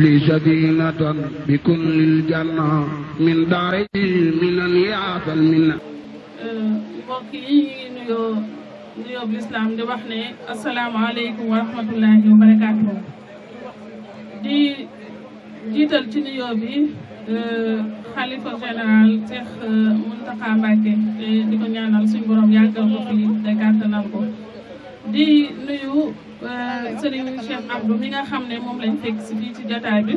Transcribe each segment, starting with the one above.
li sadinatan bikum lil janna min daari minan yaatal minna mbokk yi ñu ngi nuyoo di wax ne asalaamaaleykum wa rahmatullahi wa barakaatu di jiital ci nuyoo euh, xalifa général Cheikh euh, Mountakha Mbacké te di ko ñaanal suñu borom yàggal ko fi te kàttanal di nuyu Euh, sëriñ Cheikh Abdou mi nga xam ne moom lañ fekk si fii ci jotaay bi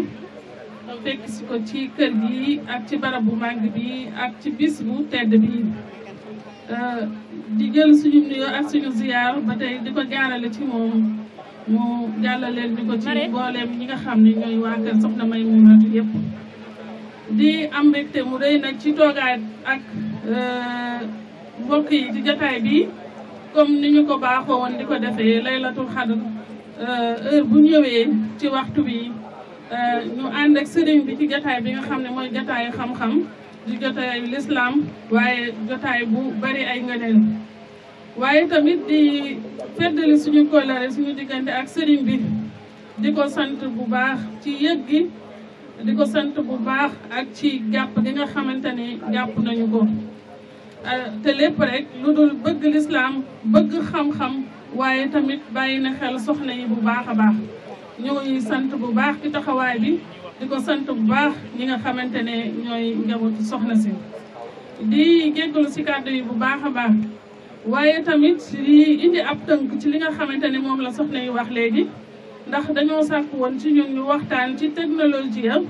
fekk si ko ci kër gi ak ci barab bu màgg bi ak ci bis bu tedd bi euh, di jël suñu nuyoo ak suñu ziyaar ba tey di ko jaarale ci moom mu jàllaleel ñu ko ci mbooleem ñi nga xam ne ñooy waa kër Soxna Maymuna yëpp di am mbégte mu rëy nag ci toogaat ak euh, mbokk yi ci jotaay bi comme ni ñu ko baaxoo woon di ko defee laylatul xadr euh, heure bu ñëwee ci waxtu bi euh, ñu ànd ak sëriñ bi ci gataay bi nga xam ne mooy jotaayu xam-xam di jotaayu lislaam waaye jotaay bu bari ay ngëneel waaye tamit di feddali suñu kóllëre suñu diggante ak sëriñ bi di ko sant bu baax ci yëg gi di ko sant bu baax ak ci jàpp gi nga xamante ni jàpp nañu ko Euh, te lépp rek lu dul bëgg lislaam bëgg xam-xam waaye tamit bàyyi na xel soxna yi bu baax a baax ñooy sant bu baax ci taxawaay bi di ko sant bu baax ñi nga xamante ne ñooy njabootu soxna si di jéggalu si kàddu yi bu baax a baax waaye tamit di indi ab tënk ci li nga xamante ne moom la soxna yi wax léegi ndax dañoo sàkk woon ci ñun ñu waxtaan ci technologie am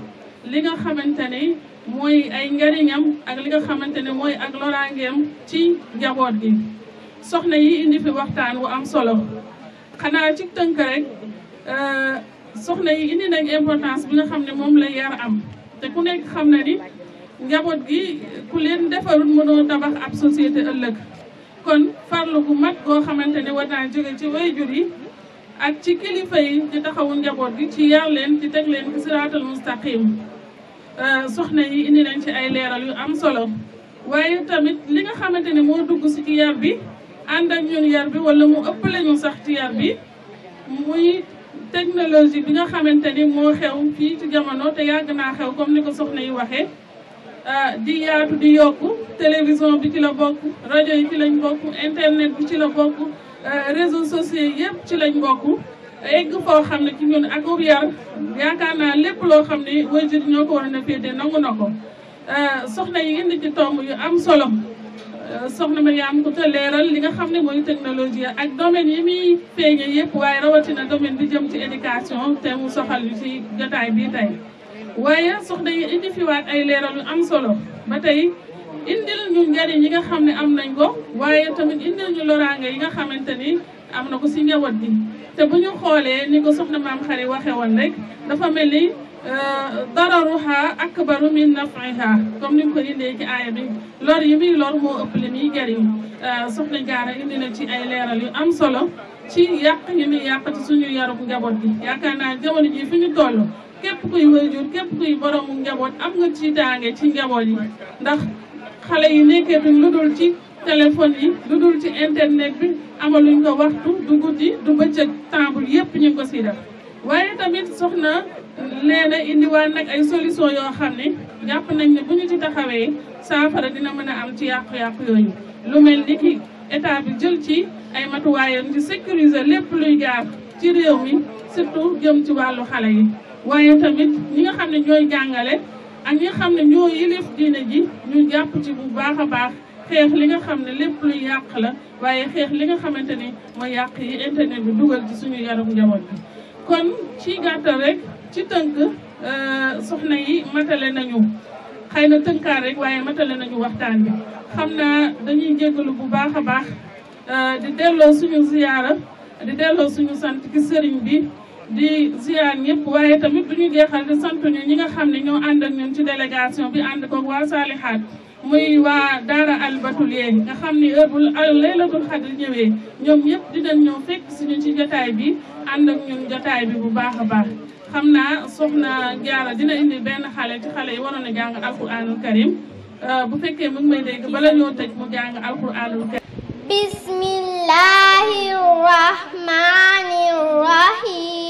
li nga xamante ne mooy ay njariñam ak li nga xamante ne mooy ak loraangeem ci njaboot gi soxna yi indi fi waxtaan wu am solo xanaa ci tënk rek euh, soxna yi indi nañ importance bi nga xam ne moom la yar am te ku nekk xam na ni njaboot gi ku leen defarul mënoo tabax ab société ëllëg kon farlu gu mat koo xamante ne war naa jóge ci wayjur yi ak ci kilifa yi di taxawu njaboot gi ci yar leen ci teg leen ci siraatal mustaqim Euh, soxna yi indi nañ ci ay leeral yu am solo waaye tamit li nga xamante ne moo dugg si ci yar bi ànd ak ñun bi walla mu ëpp lañu sax ci yar bi muy technologie bi nga xamante ni moo xew kii ci jamono te yàgg naa xew comme ni ko soxna yi waxee euh, di yaatu di yokku télévision bi ci la bokk rajo yi ci lañ bokk internet bi ci la bokk euh, réseaux sociaux yëpp ci lañ bokk egg foo xam ne ci ñun ak ub yar yaakaar naa lépp loo xam ne waajur ñoo ko waroon a féetee nangu na ko euh, soxna yi indi ci tomb yu am solo euh, soxna ma yaam ko te leeral li nga xam ne mooy technologie ak domaine yi muy feeñe yëpp waaye rawatina domaine bi jëm ci éducation te mu soxal yu ci jotaay bii tey waaye soxna yi indi fiwaat ay leeral yu am solo ba tey indil ñu njariñ yi nga xam ne am nañ ko waaye tamit indil ñu loraange yi nga xamante ni am na ko si njaboot bi te bu ñu xoolee ni ko soxna maam xari waxe woon rek dafa mel ni ak euh, dararuha akbaru min naf'iha comme ni mu ko indee ci aaya bi lor yi muy lor moo ëpp li muy jariñ euh, soxna jaara indi na ci ay leeral yu am solo ci yàq yi muy yàq ci suñu yarub njaboot gi yaakaar naa jamono ji fi ñu toll képp kuy wëjur képp kuy boroomu njaboot am nga ci tiitaange ci njaboot yi ndax xale yi nekkeetuñ lu dul ci téléphone yi du dul ci internet bi amaluñ ko waxtu du guddi du bëccëg temps yépp ñu ko siy waaye tamit soxna leena indiwaan nag ay solution yoo xam ne jàpp nañ ne bu ñu ci taxawee saafara dina mën a am ci yàqu-yàqu yooyu lu mel ni ki état bi jël ci ay matuwaayam ci sécuriser lépp luy gaar ci réew mi surtout jëm ci wàllu xale yi waaye tamit ñi nga xam ne ñooy jàngale ak ñi nga xam ne ñoo yilif diine ji ñu jàpp ci bu baax a baax xeex li nga xam ne lépp luy yàq la waaye xeex li nga xamante ni mooy yàq yi internet bi dugal ci suñu yaram njaboot bi kon ci gàttal rek ci tënk euh, soxna yi matale nañu xëy na tënkaar rek waaye matale nañu waxtaan bi xam naa dañuy jégalu bu baax a baax euh, di delloo suñu ziyaara di delloo suñu sant ci sëriñ bi di ziar ñëpp waaye tamit duñu jeexal di sant ñu ñi nga xam ne ñoo ànd ak ñun ci délégation bi ànd ko waa Salihaat muy waa daara albatuliyee nga xam ni heure bu laylatul xadr ñëwee ñoom ñëpp dinañ ñëw fekk suñu ci jotaay bi ànd ak ñun jotaay bi bu baax a baax xam naa soxna jaara dina indi benn xale ci xale yi waroon a jàng alquranul karim euh, bu fekkee mu may dégg bala ñoo tëj mu jàng alquranul karim bismillahi rahmani rahim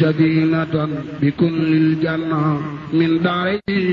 سبيلة بكل الجنة من داري